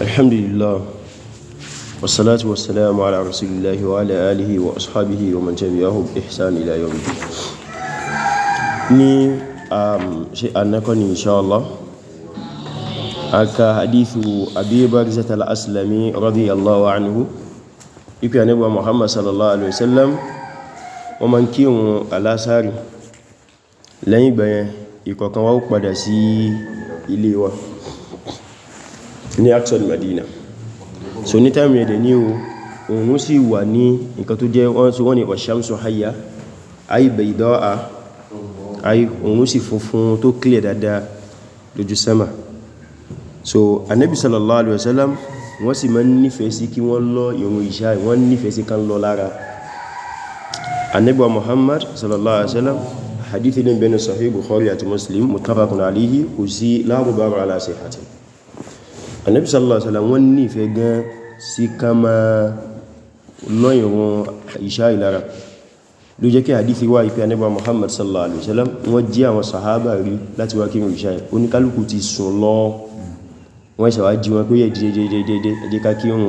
الحمد لله والصلاة والسلام على رسول الله وعلى آله وأصحابه ومن تبعه بإحسان إلى يوم الدين ni شيء أنكم إن شاء الله aka hadithu abi barzata al-aslami radiyallahu anhu ipe anabi muhammad sallallahu alaihi wasallam wọ́n man kiun alasari lẹ́yìn gbayen ìkọ̀kan wa ó padà sí ilé wa ní actual Madina so ní time yẹ̀dẹ̀ ní o òun sì wà ní nǹkan tó jẹ́ wọ́n so wọ́n ni ọ̀ṣàmsọ haya ayi bayda'a ayi òun sì funfun tó clear dáadáa lójú sẹ́mà so anabi sallallahu alaihi wasallam wọ́n sì máa ń nífẹ̀ẹ́ sí kí wọ́n lọ ìrun ìṣá wọ́n nífẹ̀ẹ́ sí kan lọ lára anabi wa muhammad sallallahu alaihi wasallam hadithi ní bẹnu sahih bukhari àti muslim muttafaqun Ànábì sallallahu alaihi wasallam wọ́n nífẹ̀ẹ́ gan sí ká máa lọ́yìnwọ̀n ìṣá ìlara ló jẹ́ kí hadithi wá ìpé Ànábì Muhammad sallallahu alaihi wasallam wọ́n jí àwọn sahaba rí láti wá kírun ìṣá oníkálùkù ti sùn lọ wọ́n ṣe jí wọn pé yẹ jẹjẹjẹjẹjẹ ẹjẹ́ ká kírun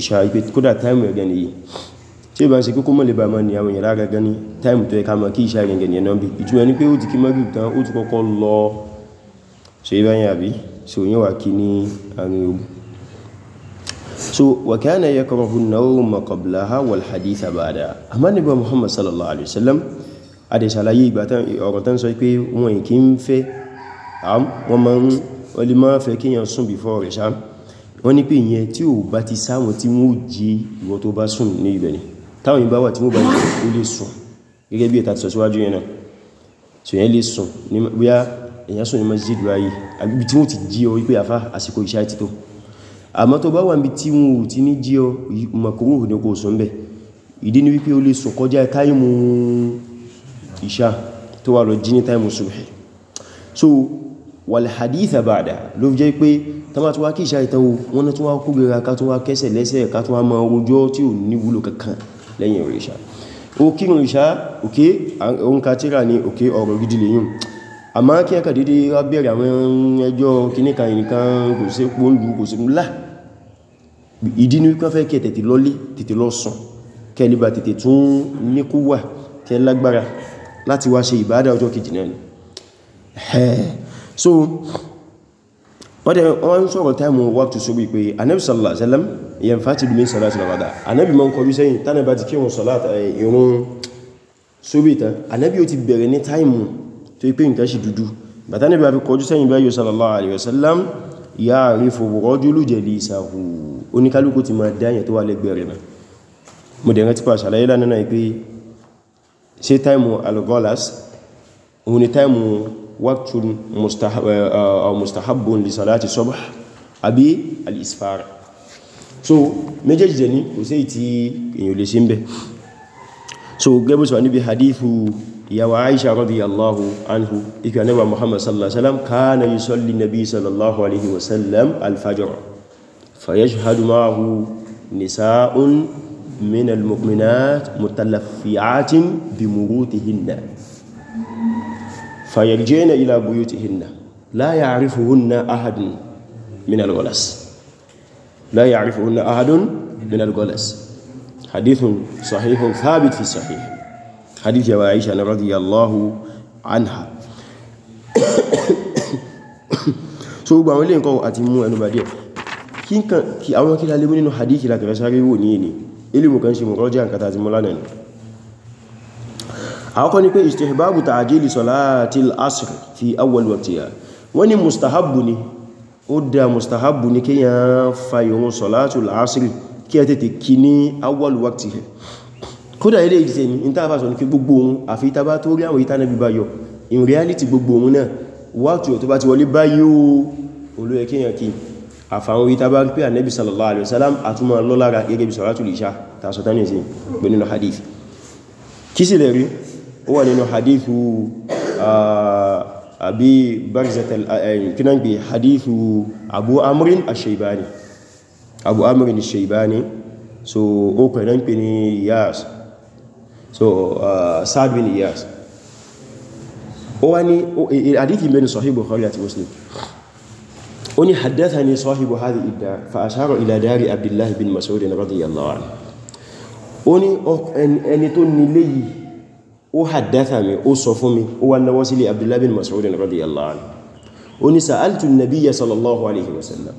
ìṣá ìpé kódà táìmù ẹ̀gẹ́ so yẹn wà kí ní àrin ogun so wà kí ánà yẹ kọrọ hù náà ma kọbla ha wal hadith abada amma nígbà muhammad sallallahu alaihi wasallam a dẹ̀ ṣàlàyé ìgbà ọ̀rọ̀ tán sọ pé wọn kì í fẹ́ wọn ma ń wọlé máa fẹ́ kíyàn sùn before rẹ̀ sáà wọ́n ní pé ìyẹn tí ò bá ti sáwọn tí wọ́n jí ìwọ tó bá sùn ní ibẹ̀ ni táwọn ìbá wà tí wọ́n bá jí ó lè sùn gẹ́gẹ́ bí ẹ̀ta ti sọ síwájú yẹn náà so yẹn lè sùn ní bóyá èyàn sùn ní masjid ráyí àbíbi tí wọ́n ti jí ọ wípé afá àsìkò ìṣá ti tó àmọ́ tó bá wà níbi tí wọ́n ti ní jí ọ makoro so wal ba'da ló fi jẹ́ pé tọ́mà tó wá kí ìṣá ìtàwó wọ́n náà tó wá kó gẹ̀rẹ̀ ká tó wá kẹsẹ̀ lẹ́sẹ̀ ká tó wá mọ orújọ́ tí ò lẹ́yìn ìṣá òkírùn ìṣá òkè òǹkà tíra ní òkè ọ̀rọ̀ gidi lẹ́yìn àmá kí ẹkà dédé bẹ̀rẹ̀ àwọn ẹjọ́ kìníkà ìnìkan kò sí pòónlù kò sí múlá ìdí ní wípé fẹ́ kẹ tètè lọlé tètè lọ sùn kẹ lébà tètè tún níkúwà kẹ lágbára láti wá ṣe ìbádà ọjọ́ kejì náà ni so wọ́n sọ̀rọ̀ eh, ti bẹ̀rẹ̀ ní táìmù tó ipé nǹkan sì dúdú bàtà níbi àfi kọjú sẹ́yìn báyìí sallallahu alaihi wasallam ya'rifu rajulu jalisahu oníkálùkù ti máa dáyẹ̀ tó wà lẹ́gbẹ̀ẹ́ rẹ̀ mo dẹ̀ rántí pàṣà láyé lánàá eh, eh, tí èyàn so gẹ́bùsọ̀ níbi hadithu يا عائشة رضي الله عنه إكوان نبع محمد صلى الله عليه وسلم كان يصلي النبي صلى الله عليه وسلم الفجر فيشهد معه نساء من المؤمنات متلفيات بمروتهن فيرجين إلى بيوتهن لا يعرفهن أحد من الغلس لا يعرفهن أحد من الغلس حديث صحيح ثابت في الصحيح hadith yawa aisha na radiyallahu anha so gbogbo àwọn ilé nǹkan àti mú ẹnu bàdíẹ̀ kí àwọn kí lálé mú nínú hadith lákẹrẹ sáré wò ní èlé ilimu kan ṣe mú rọ́jẹ́ àǹkàtà àti múlá nẹ̀nù àkọ́kọ́ ni pé istihbabu ta'jili salatil asr fi awwal waqtiha wọ́n ni mustahabbu ni ó dá mustahabbu ni kí yàn fayọ̀un salatul asr kí ẹ tètè kí awwal waqtiha kódà ilé ìdíse ní ìtàfàṣọ ní kí gbogbo ohun àfi ìtàbá tó rí àwọn ìtànà bíbá yọ in reality gbogbo ohun náà wàtí tó bá ti wọlé báyìí ó olóyẹ kíyàn kí àfàwọn ìtàbá rí pé ànẹ́bì sallallahu alaihi wasallam àtúmọ̀ lọ́lára gẹ́gẹ́ bí hadith kí sì lè rí ó wà nínú hadithu àbí barzatal hadithu abu amrin al abu amrin al so o pẹ̀lú ń pè yas so uh, Sa'd bin Iyas ó wá ní àdíkì mẹ́rin Sahih Bukhari àti Muslim ó ní haddathani sahibu hadhihi ad-dar fa ashara ila dari Abdullah bin Mas'ud radiyallahu anhu ó ní ẹni tó nílé yìí ó haddatha mi ó sọ fún mi ó wá náwọ́ sílé Abdullah bin Mas'ud radiyallahu anhu ó ní sa'altu an sallallahu alaihi wasallam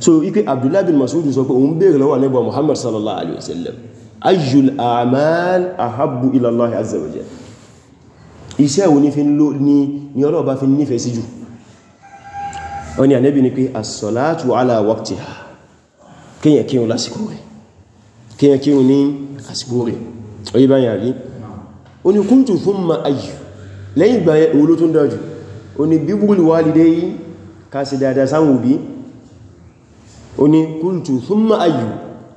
so ipe Abdullah bin Mas'ud sọ pé òun béèrè lọ́wọ́ Ànábì Muhammad sallallahu alaihi wasallam ayyul a'mal ahabbu ila Allah azza wa jalla iṣẹ́ wo ní fi ló ní ní Ọlọ́run bá fi nífẹ̀ẹ́ sí jù ó ní Ànábì ní pé as-salatu ala waqtiha kíyàn kírun lásìkò rẹ̀ kíyàn kírun ní àsìkò rẹ̀ oye bá yà rí ó ní kuntu thumma ayyu lẹ́yìn ìgbà èwo ló tún dájú ó ní birrul walidayni ká ṣe dáadáa sáwọn òbí ó ní kuntu thumma ayyu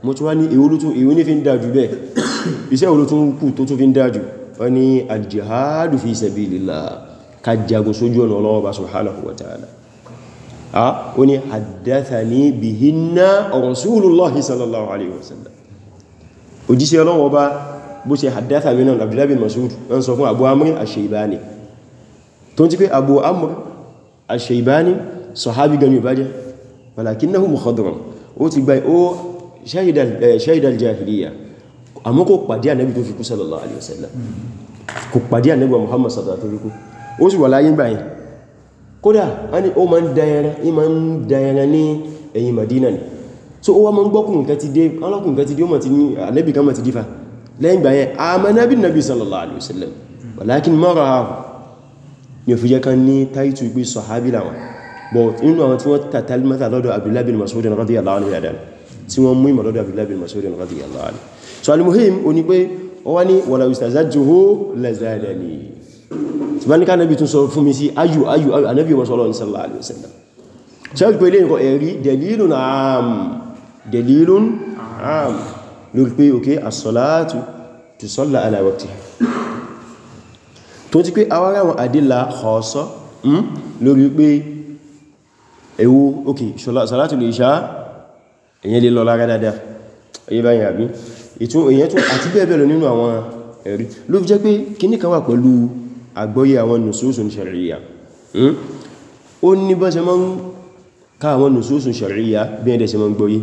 mo tún wá ní èwo ní fi ń dájú bẹ́ẹ̀ iṣẹ́ wo ló tún kù tó tún fi ń dájú wọ́n ní aljihadu fi sabilillah ká jagun sójú ọ̀nà Ọlọ́run bá subhanahu wa ta'ala ó ní haddathani bihinna rasulullahi sallallahu alaihi wasallam òjíṣẹ́ Ọlọ́run ọba bó ṣe haddatha mi náà Abdullah bin Mas'ud ń sọ fún Abu Amr al ó ti gba ó ṣáìdà aljahiliya àmọ́ kò pàdé ànábì tó fi kú sallallahu alaihi wasallam kò pàdé ànábì Muhammad sallallahu tó fi kú ó sì wà láyé báyìí kódà ó ma ń dayẹran ní ẹ̀yìn Madina ni so ó wá ma ń gbọ́kùn kan ti dé ọlọ́kùn kan ti dé ó ma ti ní ànábì kan ma ti dífà lẹ́yìn gbà yẹn amana bin nabi sallallahu alaihi wasallam walakin mara ni ò fi jẹ́ kan ní táìtù ìgbé sọ̀hábí tí wọ́n mú ìmọ̀lọ́dọ̀ Abdullahi bin Mas'ud radiyallahu anhu so alimuhim o ni pé wọ́n ni wala istazadtuhu lazadani tí bá ní ká nábi tún sọ fún mi sí ayù ayù ayù anábi wọn sọ́lọ́ ní sallallahu alaihi wasallam ṣẹ́lù pé lẹ́yìn kọ ẹ̀rí dalilun am dalilun am lórí pé òkè as-salatu tusalla ala waqtiha tó ti pé awárá èyàn lè lọ lára dáadáa èyí báyìí àbí ìtún èyàn tún àti bẹ́ẹ̀bẹ́ẹ̀ lọ nínú àwọn ẹ̀rí ló fi jẹ́ pé kíní kan wà pẹ̀lú àgbọ́yé àwọn nùsùsùn ṣàríyà hmm? ó ní bọ́ ṣe mọ́ ń ká àwọn nùsùsùn ṣàríyà bí ẹ̀dẹ̀ ṣe mọ́ ń gbọ́yé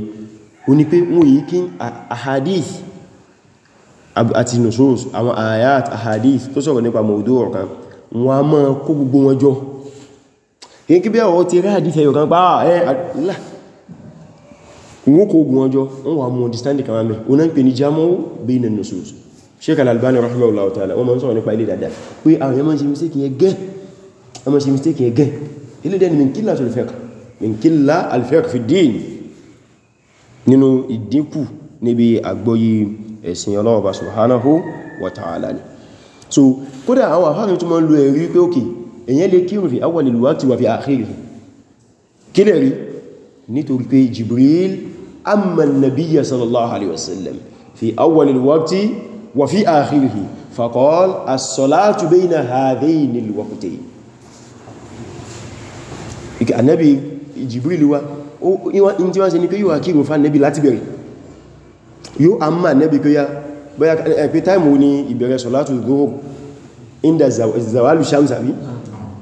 ó ní pé wọ́n yìí kí ayat ahadith tó sọ̀rọ̀ nípa mọ̀dó ọ̀kan wọn a máa kó gbogbo wọn jọ kí bí ọ̀rọ̀ ti rí àdífẹ́ wọ́n kó ogun ọjọ́ wọ́n wà mú understanding kan mẹ́ o náà ń pè ní jámọ́ bayna nusus Sheikh al-Albani rahimahullahu ta'ala wọ́n ma ń sọ̀rọ̀ nípa ilé dada pé àwọn yẹn ma ń ṣe mistake yẹn gẹ́ ọmọ ṣe mistake yẹn gẹ́ ilé dẹni min qilla al-fiqh min qilla al-fiqh fi din nínú ìdínkù nibi àgbọ́yí ẹ̀sìn ọlọ́ọ̀bá subhanahu wa ta'ala ni so kódà àwọn àfáàmì tó máa ń lo ẹ̀rí pé òkè èyàn lè kírun fi awwalil waqti wa fi akhirih kí lè nítorí pé Jibril أما النبي صلى الله عليه وسلم في أول الوقت وفي آخره فقال الصلاة بين هذين الوقتين النبي جبريل wa in ti wọ́n ṣe ni pé yíò àkírò fún nẹ́bí láti bẹ̀rẹ̀ yíò a máa nẹ́bí pé ya bóyá ẹ̀pẹ́ táìmù ní ìbẹ̀rẹ̀ sọ̀látù zuhur inda zawalu shams àbí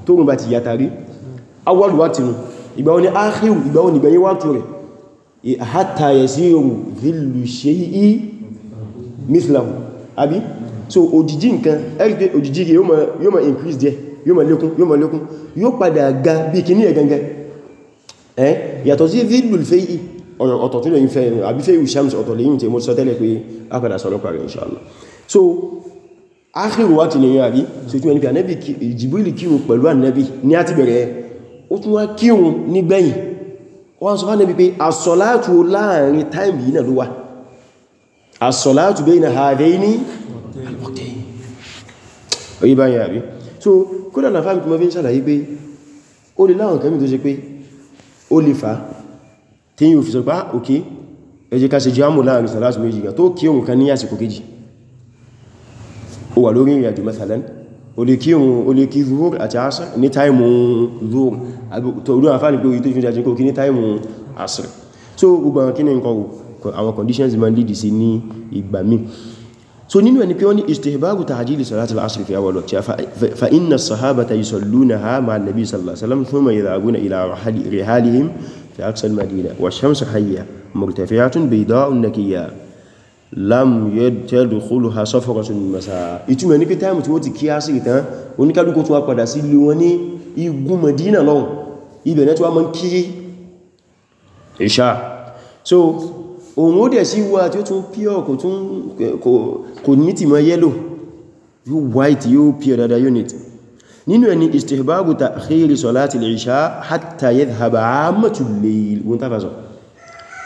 tó rùn bá ti yàtàrí awọ́lùwátìnù ìgbà wọn ni áhíù ìgbà wọn ìgbẹ̀yìn wátù rẹ̀ hatta yasiru dhillu shay'i mithlahu àbí so òjìjí nǹkan ẹgbẹ́ òjìjí rẹ̀ yóò ma increase díẹ̀ yóò ma lékún yóò ma lékún yóò padà ga bí kì ní ẹ̀ gangan ẹ́ yàtọ̀ sí dhillu fẹ́yì ọ̀tọ̀ tí lẹ́yìn fẹ́yìn àbí fẹ́yì shams ọ̀tọ̀ lẹ́yìn tí mo sọ so akhiru wa ti lẹ́yìn àbí so tí wọ́n ni pé Jibril kírun pẹ̀lú Ànábì ní àti bẹ̀rẹ̀ ó tún wá kírun wọ́n sọ fánà wípé asọ́látù láàrin táìmì yìí náà ló wà asọ́látù bẹ́ ìnà ààrẹ ní orí bá yà so kódà náà fáàmì tí wọ́n fi ń sàlàyé pé ó lè láwọn fa tí yíò fi sọ pá òkè ah, ẹ jẹ́ ká ṣe jámù láàrin sàlátù méjì tó kí òun o lè kí zuhur àti asir ní táìmù zuhur tó olú àfáà ní pé orí tó fi jàjí kò kí ní táìmù asir so gbogbo àwọn kíní nǹkan àwọn conditions ma lè dìsí ní ìgbà mí so nínú ẹni pé wọ́n ní istihbabu ta'jili salati al-asr fi awwal waqtiha fa inna as-sahabata yusallunaha ma'a an-nabi sallallahu alaihi wasallam thumma yadhabuna ila rihalihim fi aqsa al-madina wa ash-shamsu hayya lam yadkhulu ha safaratun min masa ìtumọ̀ ní pé time tí wọ́n ti kíyàsí ìtàn oníkálùkù tó wá padà sí ilé wọn ní igun Madina lọ ibẹ̀ náà tí wọ́n mọ́ kí ìṣà so òun ó dẹ̀ sí wá tí ó tún pure kò ní ti mọ́ yellow yóò white yóò pure dada unit nínú ẹni istihbabu ta'khiri salati al-isha hatta yadhhaba amatul layl wọ́n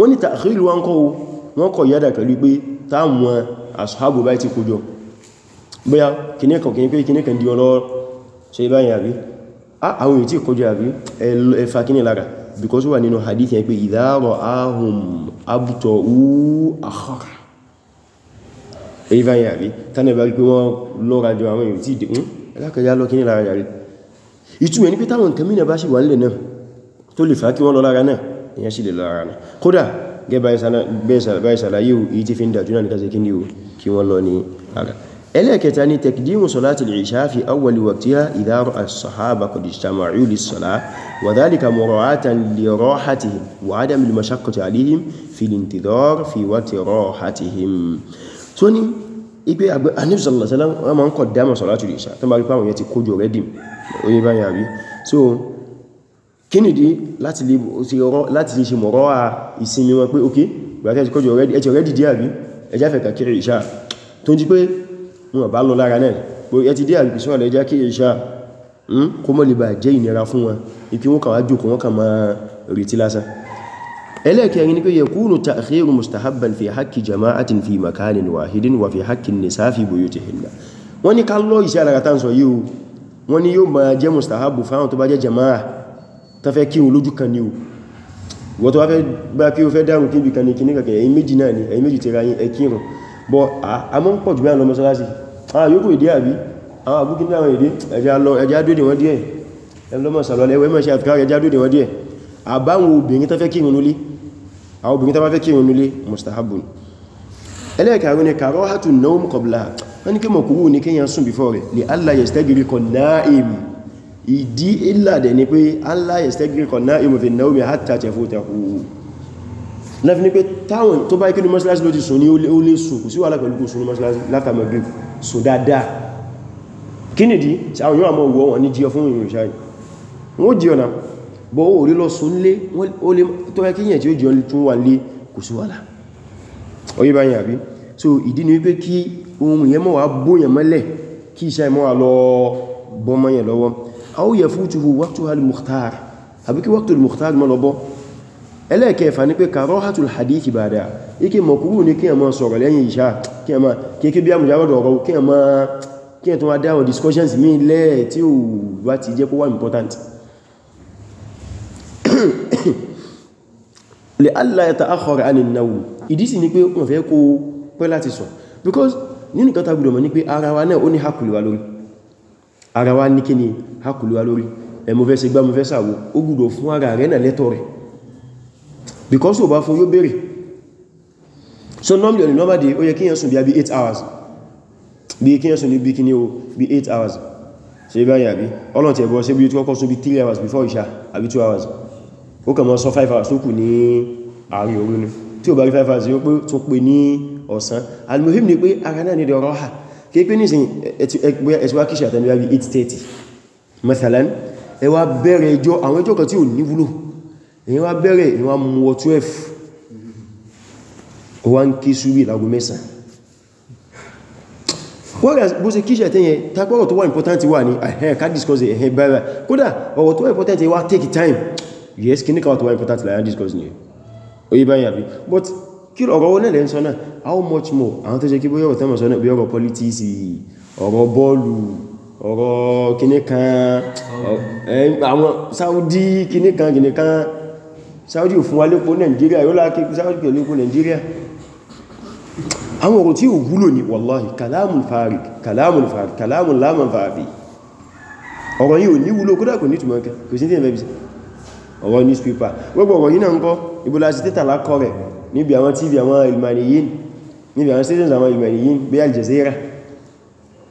wọ́n ní ta'khil wọn kọ́ wọ́n kọ̀ yádà pẹ̀lú pé táwọn ashabu bá ti kójọ bóyá kìníkan kìní pé kìníkan di ọlọ́rọ̀ ṣe báyìí àbí àwọn èyí tí kójọ àbí ẹfà kìní lára because wà nínú hadith yẹn pé idha ra'ahum abta'u akhara èyí báyìí àbí tánà bá rí pé wọ́n lọ́ra jọ àwọn èyí tí dìkún alákàjá hmm, lọ kìní lára yàrí ìtumẹ̀ ní pé táwọn nǹkan mìíràn bá ṣe wà ìyẹn sì lè lọ ara kódà gẹ́ báyìí sàlàyé yìí tí fi ń dàjú náà nìkan sí kí ní o kí wọ́n lọ ní ara ẹlẹ́ẹ̀kẹta ni tẹ̀kìdímù sọ́látì al-isha fi awwali waqtiha idha ra'a as-sahaba qad ijtama'u lis-salah wa dhalika mura'atan li rahatihim wa 'adami al-mashaqqati 'alayhim fi al-intidhar fi kínìdí láti lè ṣe mọ̀rọ̀ à ìsinmi wọn pé ok gbàtẹ́ ti kọjọ ẹ̀tì ọ̀rẹ́dì díà bí ẹjá fẹ́ kàkiri ìṣà tó ń jí pé wọn bá lọ lára náà pé ẹ̀tì díà bí sọ́rọ̀ ẹjá kí ìṣà hmm? kó mọ́ lè bà jẹ́ ìnira fún wọn ikí wọn kàwà jù wọn kàmà rìtí lásán ẹlẹ́kẹ̀rin ni pé yakunu ta'khiru mustahabban fi haqqi jama'atin fi tó fẹ́ o lójú kan ní o wọ́n tó wá fẹ́ bá kí o fẹ́ dárùn kíbi kan ní kí ní kàkẹ́ ẹ̀yìn méjì náà ni ẹ̀yìn méjì tẹ́ra yín ẹkírun bọ́ a mọ́ ń pọ̀ jù mẹ́rin lọ mọ́sálásí àwọn yóò kò èdè àbí àwọn àbúkí ní àwọn èdè ẹjá dóde wọn díẹ̀ ẹlọ́mọ̀ sàlọ́lẹ̀ ẹwẹ́ mọ́ṣẹ́ àfikà ẹjá dóde wọn díẹ̀ àbáwọn obìnrin tó fẹ́ kírun nulé àwọn obìnrin tó fẹ́ kírun nulé mustahabun ẹlẹ́ẹ̀kàrún ni karahatu naum qabla wọn ni kí mọ̀kúrú ni kíyàn sùn before rẹ̀ li alla yastagiri kan na'im ìdí ìlàdẹ̀ ni pé Allah yastagri kọ̀ná ìmòfin náà omi àtà tẹ̀fò tẹ̀kù náà fi ní pé táwọn tó bá ikú ní mọ́sílásí ló ti sùn ní ó lè sùn kò sí wà lápẹ̀lú kò sùn ní mọ́sílásí látà Maghrib sùn dáadáa kí nìdí sí àwọn yóò àmọ́ wọ́ wọn ní jíọ fún ìrìn ìṣáyì wọ́n jíọ náà bọ́ ó rí lọ sùn yẹn lọ́wọ́ aw yafutuhu waqtuha al-mukhtar àbí kí waqtu al-mukhtar má lọ bọ́ ẹlẹ́ẹ̀kẹfà ní pé karahatul hadithi ba'da ike makuru ni kí a máa sọ̀rọ̀ lẹ́yìn ìṣá kí a máa kéèké bí a mùjáwọ́ dọ̀rọ̀ kí a máa kí a tó wá dáwọn discussions mi lẹ́ tí ó bá ti jẹ́ kó wà important li alla yata'akhkhara 'ani an-nawm because nínú kan tá gbọ́dọ̀ mọ̀ ní pé ara ara wa ní kíni hakùlúwa lórí ẹmọ fẹ́ ṣe gbá mọ fẹ́ sàwó ó gbùdọ̀ fún ara rẹ̀ náà lẹ́tọ̀ rẹ̀ because ó bá fún yóò bèèrè so normally on a normal day ó yẹ kíyàn sùn bí i 8 hours bí kíyàn sùn bí kíní o bí 8 hours ṣe bá yàbí ọlọ́n ti ẹ̀bọ́ sí bí i kọ́kọ́ sùn bí 3 hours before ìṣà àbí 2 hours ó kàn mọ́ sọ 5 hours tó kù ní àárín òru ni tí ó bá rí hours yóò pé tó pè ní ọ̀sán almuhim ni pé ara náà ní ọ̀rọ̀ ha kìí pé nìsìn ẹ̀sùwá kìí ṣàtàmì bí 830 mẹ́sàlán ẹ wá bẹ̀rẹ̀ ẹjọ́ àwọn ẹjọ́ kan tí ò ní wúlò èyí wá bẹ̀rẹ̀ èyí wá mú wọ 12 wá ń kí súwì lágó mẹ́sàn whereas bó ṣe kíṣẹ̀ tẹ́yẹn tagbọ́rọ̀ tó wà important wà ní ẹ̀hẹ́n ká discuss ẹ̀hẹ́n bára kódà ọ̀rọ̀ tó take time yes kí ní káwà tó wà important láyá discuss ní oye but kí ọ̀rọ̀ wọn lẹ́lẹ́ ń sọ náà how much more àwọn tó ṣe kí bóyọ̀ tẹ́mọ̀ sọ náà bí ọ̀rọ̀ politics ọ̀rọ̀ bọ́ọ̀lù ọ̀rọ̀ kìníkan àwọn Saudi kìníkan kìníkan Saudi ò fún wa lépo Nigeria yóò láàkí Saudi kò lépo Nigeria àwọn ọ̀rọ̀ tí ò wúlò ní wallahi kalamul farik kalamul farik kalamul laman farik ọ̀rọ̀ yìí ò ní wúlò kódà kò ní túnmọ̀ kẹ́ kò sí ní ẹ̀mẹ́bí ọ̀rọ̀ newspaper gbogbo ọ̀rọ̀ yìí náà ń kọ́ ibùlá sí tẹ́tàlá kọ́ rẹ̀ níbi àwọn tv àwọn ilmaniyin níbi àwọn stations àwọn ilmaniyin bí Al Jazeera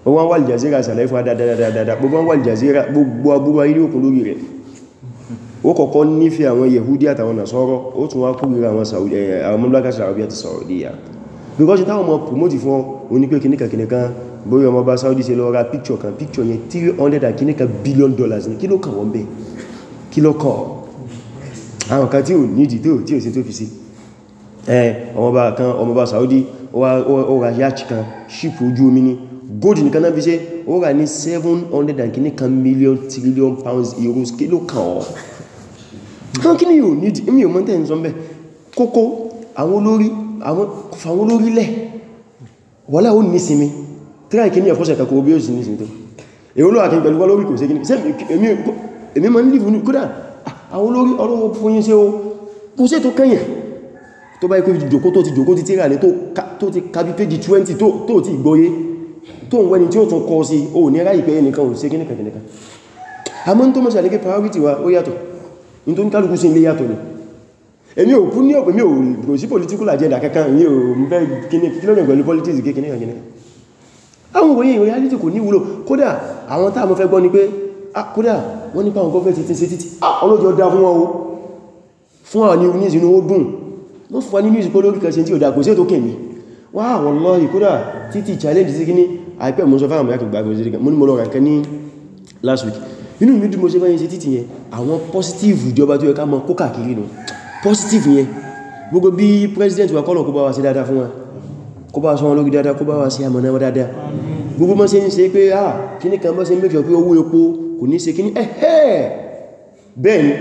ó wọ́n wà Al Jazeera sàlẹ̀ fún dáadáa gbogbo wọ́n wà Al Jazeera gbogbo agbúrú ayé òkun lórí rẹ̀ ó kọ́kọ́ nífẹ̀ẹ́ àwọn Yehudi àtàwọn Nasọ́rọ̀ ó tún wá kúrò àwọn eh, because táwọn ọmọ promote fún onípé kìníkà kìníkà bóyí ọmọ bá Saudi ṣe lọ picture kan picture yẹn 300 kìníkà billion dollars ní kí ló kàn wọ́n bẹ́ẹ̀ kí ló kàn àwọn kan tí ò nídìí tí ò sí tó fi sí eh ọmọba kan ọmọba Saudi o ra yacht kan ship ojú omi ni gold nìkan náà fi ṣe ó rà ní 700 million trillion pounds euros kilo ló kàn ọ́ kan kí ni yóò ní ìmí ò mọ́ntẹ̀ ìsọ́n bẹ́ kókó àwọn olórí àwọn olórí lẹ̀ wọ́lá ó ní sinmi tíráì kí ní ẹ̀fọ́sẹ̀ kakọ̀ bí ó sì ní sinmi tó èwọ́ lọ́wà kí n pẹ̀lú wá lórí kò sí gíní èmi ma ń lè fún ní kódà àwọn olórí ọlọ́wọ́ fún yí sí ó kú sí tó kẹ́yìn tó bá ikú jòkó tó ti jòkó ti tíra ní tó ti kàbí péjì 20 tó ti gbọ́yé tó ń wẹni tí ó tún kọ́ sí o ní ráyì pé ẹnìkan ò sí kíníkà kíníkà a mọ́ tó mọ́sàlẹ́ pé priority wa ó yàtọ̀ ní tó ń kálukú sí ilé yàtọ̀ ni èmi ò ní ọ̀pẹ̀ mi ò political agenda kankan mi ò ń bẹ́ kílọ̀nà politics kíníkà kíníkà àwọn òye ìrìn reality kò ní wúlò kódà àwọn táà mọ́ fẹ́ gbọ́ ni pé ah, kódà wọ́n nípa àwọn gọ́ọ̀fẹ́ títí sí títí ah, ọlọ́jọ́ dá wọ́n fún wa ní news pé olórí kan ṣe tí ò dá kò sí ètò kèmí wà wallahi kódà títí challenge sí kíní àìpẹ́ mọ́ sọ fáwọn mọ́ yàkùn gbàgbọ́ sí mọ́ ní mọ́lọ́rọ̀ kan ní last week inú mi dùn mo ṣe fẹ́yìn sí títí yẹn àwọn positive ìjọba tó yẹ ká mọ kó kàkiri nù positive yẹn gbogbo bí president wa kọ́lọ̀ kó bá wa sí dáadáa fún wa kó bá wa sọ́wọ́n lórí dáadáa kó bá wa sí àmọ́ná wa dáadáa gbogbo mọ́ sí ń ṣe pé ah kíní kan mọ́ sí ń mẹ́jọ pé owó epo kò ní ṣe kíní ẹ̀ẹ́ bẹ́ẹ̀ ni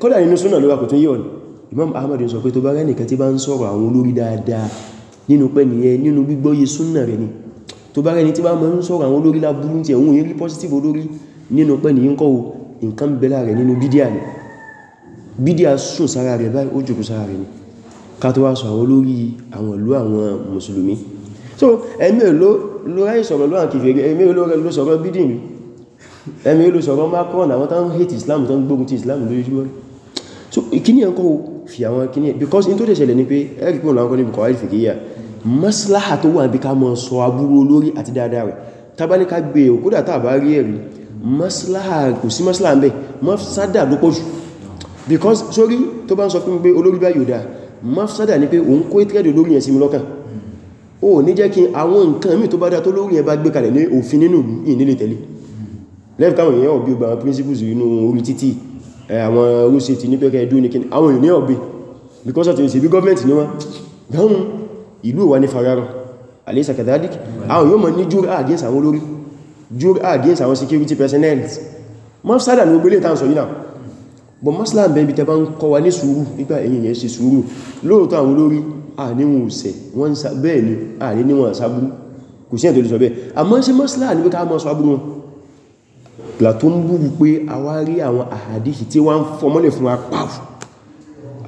kọ́dà nínú súnà ló wà kò tún yíò ni Imam Ahmad sọ pé tó bá rẹ́nìkan tí bá ń sọ̀rọ̀ àwọn olórí dáadáa nínú pẹ́ nìyẹn nínú gbígbọ́yé súnnà rẹ̀ ni tó bá rẹ́ni tí bá mọ́ ń sọ̀rọ̀ àwọn olórí lábúrú tí ẹ̀hún yìí positive olórí nínú pẹ́ nìyí ń kọ́ nǹkan bẹ̀lá rẹ̀ nínú bídíà ni bidia sùn sára rẹ̀ báyìí ó jùkú sára rẹ̀ ni ká tó wá sọ àwọn olórí àwọn ìlú àwọn mùsùlùmí so ẹ̀mí ló ló ráyè sọ̀rọ̀ ló àkìfẹ́ ẹ̀mí ló sọ̀rọ̀ bídìn ẹ̀mí ló sọ̀rọ̀ Macron àwọn tán hate Islam tán gbógun ti Islam lójúmọ́ so ìkíní ẹ̀kọ́ fi àwọn kíní because in tó dẹ̀ ṣẹlẹ̀ ní pé ẹ̀rìkún láwọn ní bukawai fìkíyà maslaha tó wà bí ká mọ́ sọ aburú olórí àti dáadáa rẹ̀ tàbáníká gbé òkúdà e, tàbá rí ẹ̀rí maslaha kò sí maslaha ń bẹ̀ mafsada ló because sorry tó bá ń sọ fún mafsada ni pé òun kó ìtẹ́rẹ̀dẹ̀ olórí ẹ̀ sí mi lọ́kàn ó ní jẹ́ kí àwọn nǹkan mí tó bá dá tó lórí ẹ bá gbé kalẹ̀ ní Eh, àwọn rúsì ti ní pẹ́kẹ́ ìdú ní kí àwọn yìí ní ọ̀gbí because of ìsìbí gọ́ọ̀mẹ́ntì ní wọ́n gbáhùn ìlú wà ní fararo alisa kadalik àwọn yóò mọ̀ ní jùr ah, against àwọn olórí jùr ah, against àwọn security personnel mafsada ní ogbélé tán sọ yìí náà but maslam bẹ́ẹ̀bí tẹ́ bá ń kọ wa ní sùúrù nígbà èyí yẹn sí sùúrù lóòótọ́ àwọn olórí àníwọ̀n òsẹ̀ wọ́n bẹ́ẹ̀ ni àníwọ̀n sábúrú kò sí ẹ̀ tó lè sọ bẹ́ẹ̀ àmọ́ sí maslam ní pé ká mọ́ sọ abúrú wọn la tó ń búrú pé a wá rí àwọn àhàdìsì tí wọ́n fọmọ́lẹ̀ fún apáfù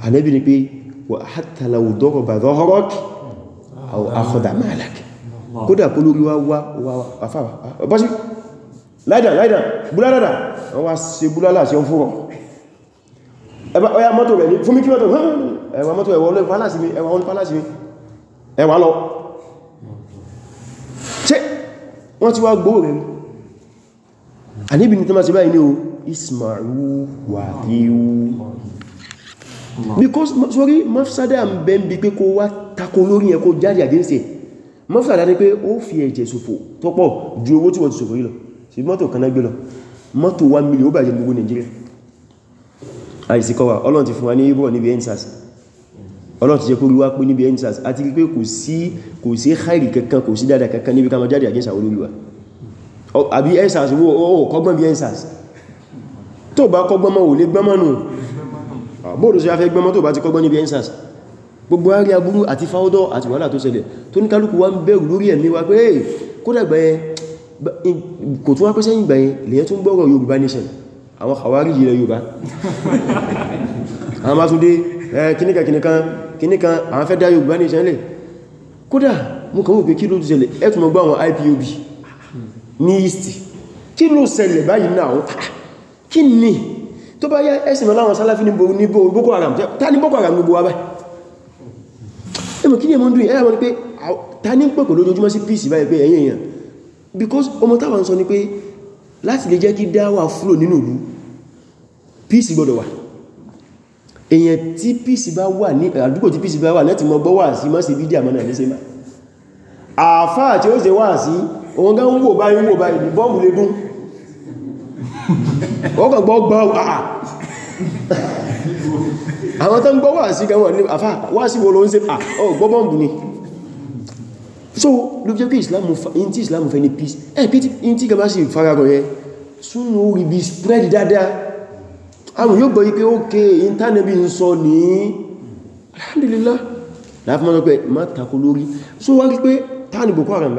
anẹ́bì ni pé wà hátàlàwò dọ́rọ̀ bà rọ́rọ́kì àkọ̀dà máàlàkì kódà kó lórí wá wá àfáwà bọ́sí láìdà láìdà búlálàdà wọ́n wá ṣe búlálà sí ọfúrọ̀ ẹba ọya mọ́tò rẹ̀ ní fún mi kí mọ́tò ẹwà wá gbóò àníbi ní tọ́mà sí báyìí ní o ismaru wà tíwú because sorry mafsada ń bẹ ń bí pé kó wá takò lórí ẹ kó jáde àdínsẹ̀ mafsada ní pé ó fi ẹ̀jẹ̀ ṣòfò tọ́pọ̀ ju owó tí wọ́n ti ṣòfò yìí lọ sí mọ́tò kan gbé lọ mọ́tò 1 million ó bàjẹ́ gbogbo Nigeria àìsíkọwà ọlọ́n ti fún wa ní ibọ̀ níbi ensas ọlọ́n ti jẹ́ kó rí wá pé níbi ensas àti pé kò sí kò sí khairi kankan kò àbí ẹ́sàs wo ó kọgbọ́n bí ẹ́sàs tó bá kọgbọ́n mọ́ ò lè gbọ́mọ́ nù bóòdó sí afẹ́ gbọ́mọ́ tó bá ti kọgbọ́n ní bí ẹ́sàs gbogbo arí agbúrú àti fáódọ́ àti wàhálà tó ṣẹlẹ̀ tó ní kálùkù wá ń bẹ̀rù lórí ẹ̀mí wa pé kódà gbẹ̀yẹn kò tún wá pẹ́ sẹ́yìn gbẹ̀yẹn lèyẹn tún gbọ́rọ̀ Yorùbá nation àwọn àwárí ilẹ̀ Yorùbá àwọn mátúndé kíníkà kíníkà kíníkà àwọn fẹ́ dá Yorùbá nation lẹ̀ kódà mú kàn wò pé kí ló tún ṣẹlẹ̀ ẹ̀tùmọ̀ gbọ́ àwọn IPOB ní east kí ló ṣẹlẹ̀ báyìí náà ah, ah, kí ni tó bá yá ẹ̀sìn mọ́ láwọn sálàfí ní boko haram ta ní boko haram gbogbo wa báyìí ẹmọ̀ kí ní ẹmọ́ ń dùn ẹ̀yà mọ́ ní pé ta ní pẹ̀kọ̀ lójoojúmọ́ sí peace báyìí pé ẹ̀yìn èèyàn because ọmọ táwọn sọ ni pé láti lè flow nínú ìlú peace gbọ́dọ̀ wà èèyàn tí peace bá wà ní àdúgbò tí peace bá wà lẹ́tì mọ́ gbọ́ wà sí mọ́ sí bídíà mọ́ náà ní sẹ́mà àfáà tí ó ṣe wà sí òun gán wò báyìí wò báyìí ní bọ́ọ̀mù lè dún ọkàn gbọ́ gbọ́ àà ah, ah. àwọn tó ń gbọ́ wà sí gánwà ní àfá wà sí wọ́n ló ń ṣe ah, gbọ́ bọ́ọ̀mù ni so ló jẹ́ pé Islam fẹ́ ní peace ẹ̀ pítí in tí gaba sì faragọ̀ yẹ súnú orí bí spread dáadáa àwọn yóò gbọ́ ipé ókè intanẹ́bí ní alhamdulillah láàfin mọ́ sọ pé má takò so wá rí pé táà ní Boko Haram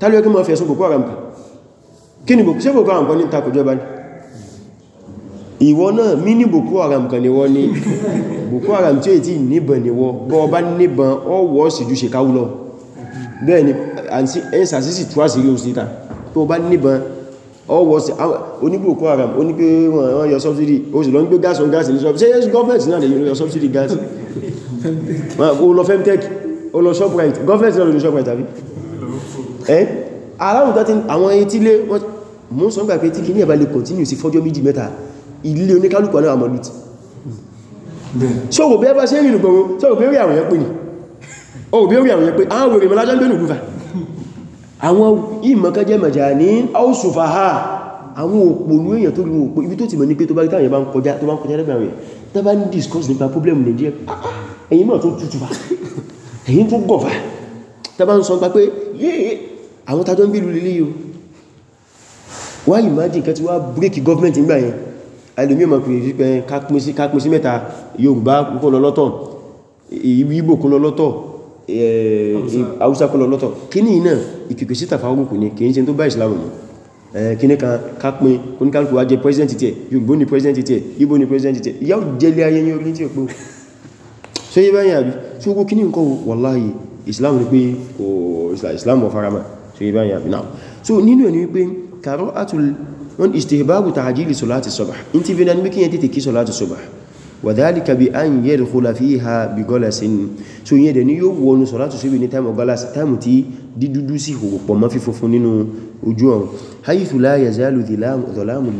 tàbí ọkí ma fẹ̀sùn boko haram kan kí ni boko boko haram kan ní takò jọba ní ìwọ náà mí ní boko haram kan ni wọ́n ní boko haram tí èyí tí níbọn ni wọ́n bọ́ bá níbọn ọwọ́ sì ju ṣekáwú lọ bẹ́ẹ̀ ni ẹnsàsísì tó àsìrí òsìta tó bá níbọn ọwọ́ sí oní boko haram oní pé wọ́n yọ subsidy ó sì lọ gas on gas government náà lè yọ subsidy gas ó lọ femtech government náà lè yọ shoprite Eh? aláwùn tàbí àwọn etílé mú sọ gbà pé tí kí ní ẹ̀bá lè continue sí fọ́jọ́ méjì mẹ́ta ilé oníkálùkù náà àmàlú ti ṣòwò bí ẹbá ṣe rìn gbogbo ṣòwò bí orí àwọn ẹ̀pẹ́ ni o bí orí àwọn ẹ̀pẹ́ àwọn wèrè mọ́lájá gbẹ̀nù gúfà àwọn ìmọ̀ká jẹ́ màjá ní ọ́sùfàá àwọn òpònú èèyàn tó gbogbo ibi tó ti mọ̀ ní pé tó bá rí táwọn èèyàn bá ń kọjá tó bá ń kọjá lẹ́gbẹ̀ẹ́ rẹ̀ tó bá ń discuss nípa problem Nàìjíríà ah, ah, ẹ̀yin náà tó tutù fà ẹ̀yin tó gọ̀fà tó bá ń sọ pé yéé àwọn tàjọ ń bí lulẹ̀ lè yíò wá imagine kan ti wá break government ń gbà yẹn alìmí ọmọ pè sí pé kápín sí mẹ́ta Yorùbá kó lọ lọ́tọ̀ Ìgbò kó lọ lọ́tọ̀ Haúsá kó lọ lọ́tọ̀ kíní iná ìkìkì sí tàfàwọ́kù ní kìí ṣe ni president tiẹ̀ Ìgbò ni president tiẹ̀ ìyá jẹ́lé ayé ní orí tí ó pé so yí báyìí àbí tí ó kó kíní so ibá yà náà so nínú ẹni wípé kàrọ àtúl wọn istihbabu ta'jili salati subh in ti bina níbi kí yẹn tètè kí salati subh wa dhalika bi an yadkhula fiha bi ní táìmù galasi táìmù tí dídúdú sí hò pọ̀ mọ́ fífúnfún nínú ojú ọ̀run haythu la yazalu dhulamu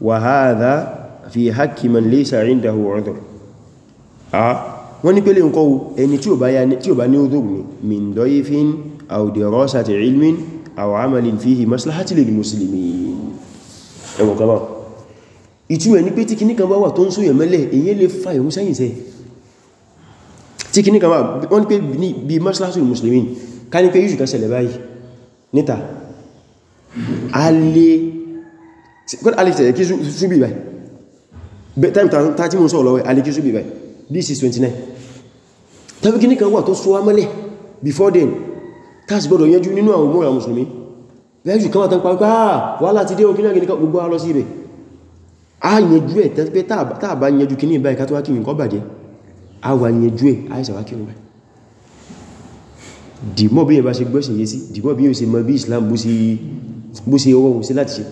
وهذا في حق من ليس عنده عذر wọ́n ní pẹ́lẹ̀ nǹkan ẹni tí ó bá ní udhur ni min doyfin aw dirasati ilmin aw amalin fihi maslahati lil muslimin ẹwọ̀n kama ìtumọ̀ ní pé tí kìní kan bá wà tó ń sóyẹ̀ mẹ́lẹ̀ èyí lè fa ìhun sẹ́yìn Alex tẹ̀lẹ̀ kí ṣúbì báyìí time ta tí mo sọ lọ́wọ́ Alex ṣúbì báyìí this is 29 tàbí kí ní kan wà tó sọ amẹ́lẹ̀ before then tàbí gbọ́dọ̀ yẹnjú nínú àwọn mọ́ra musulmi lẹ́jù kan wátán pàápàá wà ah, láti dé òkínà gini kan gbogbo alọ́ sí ibẹ̀ a yẹnjú ẹ̀ tẹ́pẹ́ tàbá yẹnjú kí ní ìbáyìí kátó wákìyàn kọ́ bàjẹ́ a wà yẹnjú ẹ̀ àìsà wákìyàn báyìí dìmọ́ bí yẹn bá ṣe gbọ́ṣẹ̀ yẹ sí dìmọ́ bí yẹn ṣe mọ́ bí Islam bó ṣe ọwọ́ òun sí láti ṣe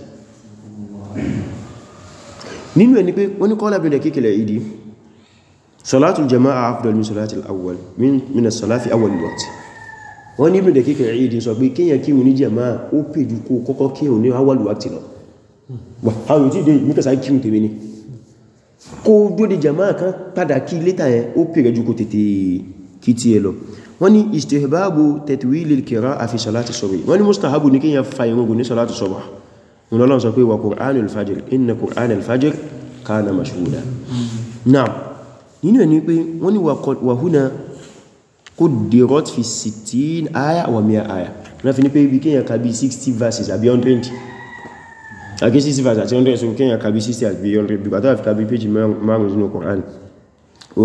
nínú ẹni pé wọ́n ní kọ́lá bìnrin kíkìlẹ̀ ìdí salatul jama'a afdal min salatil awwal min as-salati awwal waqt wọ́n ní bìnrin kíkìlẹ̀ ìdí sọ pé kíyàn kí ní jama'a ó pè jù kó kọ́kọ́ kí ní awwal waqt lọ àwọn tí dé mítàsá kí ní tèmi ni kó dóde jama'a kan padà kí létà yẹn ó pè jù kó tètè kí ti ẹ lọ wọ́n ní istihbabu tatwilil qira'ati fi salati subh wọ́n ní mustahabu ní kíyàn fa ìrùn salati subh ọlọ́run sọ pé wà kùránì alfajir inna kùránì alfajir kana mashhuda náà nínú ẹni pé wọ́n ni wàhúnà kó dèrọt fi 16 aya wà mí aya na fi ní pé ibi kíyàn kàbí 60 verses àbí 100 àkí 60 verses àti 100 so kíyàn kàbí 60 àbí 100 bí bàtà àfikà bí péjì márùn nínú kùránì ó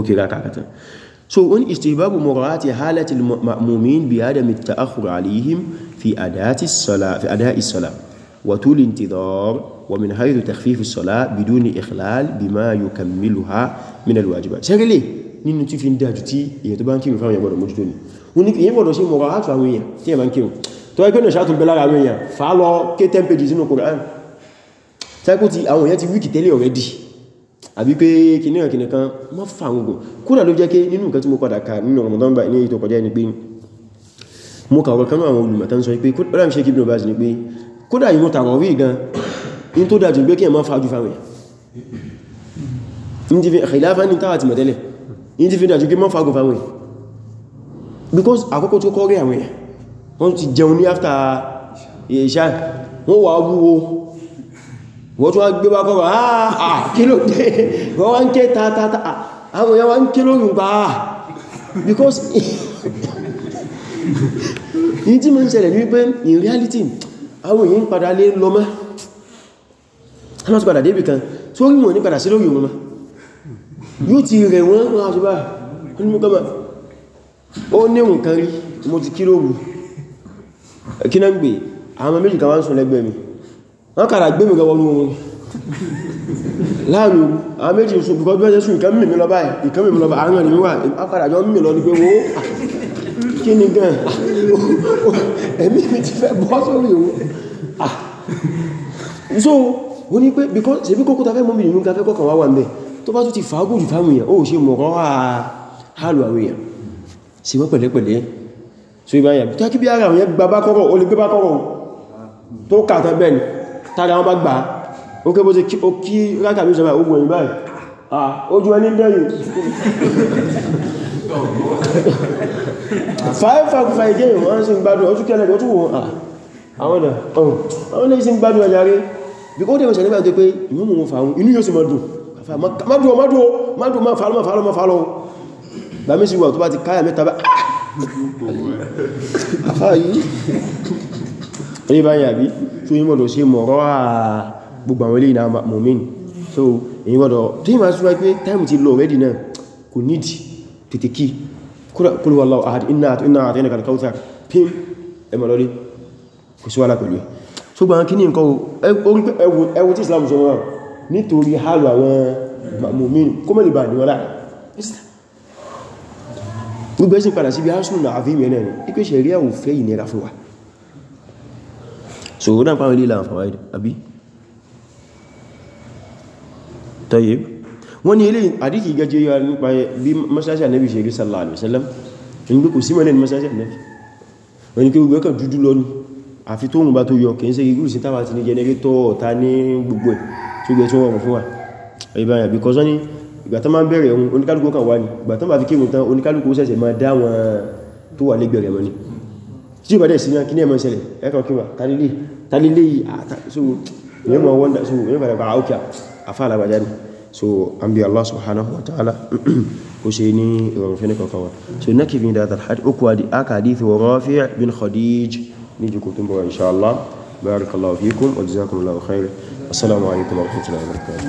so wọ́n istihbabu murati halati al-ma'mumin bi adami at-ta'akhur alayhim fi adati as وطول انتظار ومن حيث تخفيف الصلاة بدون إخلال بما يكملها من الواجبات سيغلي nínú tí fi ń dájú tí èyàn tó bá ń kírun fáwọn èyàn gbọ́dọ̀ mójútó ní o ní èyàn gbọ́dọ̀ sí mọ̀rọ̀ àtò àwọn èyàn tí èyàn bá ń kírun tó ẹgbẹ́ náà ṣàtún bẹ́lára àwọn èyàn fà á lọ ké 10 pages sínú Qur'an tẹ́kù ti àwọn èyàn ti wíkì tẹ́lẹ̀ already àbí pé kìnìyàn kìnìyàn kan má fà àwọn ogun kúrò ló jẹ́ pé nínú nǹkan tí mo padà ka nínú Ramadan bá ní èyí tó kọjá ní pé mo kàwọ̀ kanú àwọn olùmọ̀tán sọ pé kúrò ṣe kí bí kódà ìwọ̀n tàwọn rí gan in tó dájú pé kí ẹ má fàájú fáwọn in ti fi khilafa ní tàwà ti mọ̀tẹ́lẹ̀ in ti dájú pé má fàájú fáwọn because àkọ́kọ́ tó kọ́ rí àwọn èèyàn wọ́n after ìṣá wọ́n wà wúwo wọ́n tún wá gbé bá kọ́rọ̀ àà kí ló dé wọ́n wá ń ké tààtà àwọn èèyàn wá ń ké lórí gbà ah, because in ti mọ́ ń ṣẹlẹ̀ ní wípé in reality àwọn èyí ń padà lé lọ mọ́ aláti padà débì kan tí ó rí wọn ní padà sí lórí wọn yóò ti rẹ̀ wọ́n wọ́n aṣọ bá ó ní rí mo ti kí lóòrù kí náà gbé àwọn méjì kan wá ń sùn lẹ́gbẹ̀ẹ́ mi wọ́n kàrà gbé mi gọwọ́ lóòrùn láàrin kí ni gan ẹ̀mí mi ti fẹ́ bọ́ sórí òun ah. so ó ní pé because ṣe bí kókó ta fẹ́ mọ́ mi nínú ká fẹ́ kọ́kàn wá wà ń bẹ̀ tó bá tún ti fàágùn jù fáwọn èèyàn ó ṣe mọ̀ kọ́ wà hálù àwọn èèyàn sí wọ́n pẹ̀lẹ́pẹ̀lẹ́ so ibá yà tó kí bí ara àwọn gbà bá kọ́rọ̀ ó lè gbé bá kọ́rọ̀ tó kàtà bẹ́ẹ̀ ni tààrà wọn bá gbà ó kẹ́ bó ṣe kí rákà bí sọmọ five five five game wọ́n sì ń gbádùn ọdún kẹ́lẹ̀ ọdún wọ́n àwọn ọ̀nà ọ̀hún àwọn ilé sí ń gbádùn ẹ̀yà rẹ̀ bí kó dẹ̀mọ̀ sẹ̀lẹ́gbà tó pé inú mú fàún inú yóò sì mọ́dùn mọ́dùn mọ́dùn mọ́dùn mọ́ fàálọ́ fàálọ́ mọ́ fàálọ́ bàmí sí wà tó bá ti káyà mẹ́ta bá ah! àfáyí rí bá yàbí tó yí mọ́dọ̀ sí mọ̀rọ̀ gbogbo àwọn ilé ìná mọ̀mín so èyí mọ́dọ̀ tó yí máa súnmọ́ pé táìmù ti lọ rẹ́dì náà kò nídìí tètè kí kúrò wallahu ahad iná àtẹ́nà kalkautar pim ẹmọ̀lọ́rí kò síwá lápẹ̀lú ẹ̀ ṣùgbọ́n kí ní nǹkan ẹwù tí islam ṣe wọ́n nítorí hálù àwọn mu'min kó mẹ́lì bá níwọ́lá gbogbo ẹ̀sìn padà sí bí hásùn náà àfihàn ẹ̀nà ni ikú ṣẹ̀ríà ò fẹ́ ìnira fún wa so ó dá pàwọn ilé ìlànà fàwáìdì àbí tayyib wọ́n ní ilé àdíkì gẹ́jẹ́ yọ nípa bí mọ́ṣáṣí ànẹ́bì ṣe rí sallallahu alaihi wasallam ní pé kò sí mọ́lẹ̀ ní mọ́ṣáṣí ànẹ́bì wọ́n ní kí gbogbo ẹ̀kọ̀ dúdú lọ́nu àfi tó rùn bá tó yọ kìí ṣe gígùn sí tàbà because wọ́n ní ìgbà tán máa ń bẹ̀rẹ̀ ohun oníkálùkù kan wá ní ìgbà tán bá fi kírun tán oníkálùkù ṣẹ̀ṣẹ̀ máa dá wọn tó wà lẹ́gbẹ̀rẹ̀ mọ́ ni tí ó bá dẹ̀ sí náà kí ní ah, so ìyẹ́mọ̀ wọ́n dá so ìyẹ́mọ̀ ah, àfáà alàgbàjá so an bi allah subhanahu wa ta'ala ko se ni ìrọ̀rùn fẹ́ kankan wa so náà bin da alhadi ó kúwà aka hadithi wa rafi' bin khadij ní jùkú tó ń bọ̀ inshallah barakallahu fikum wa jazakumullahu khair assalamu alaikum wa rahmatullahi wa barakatuh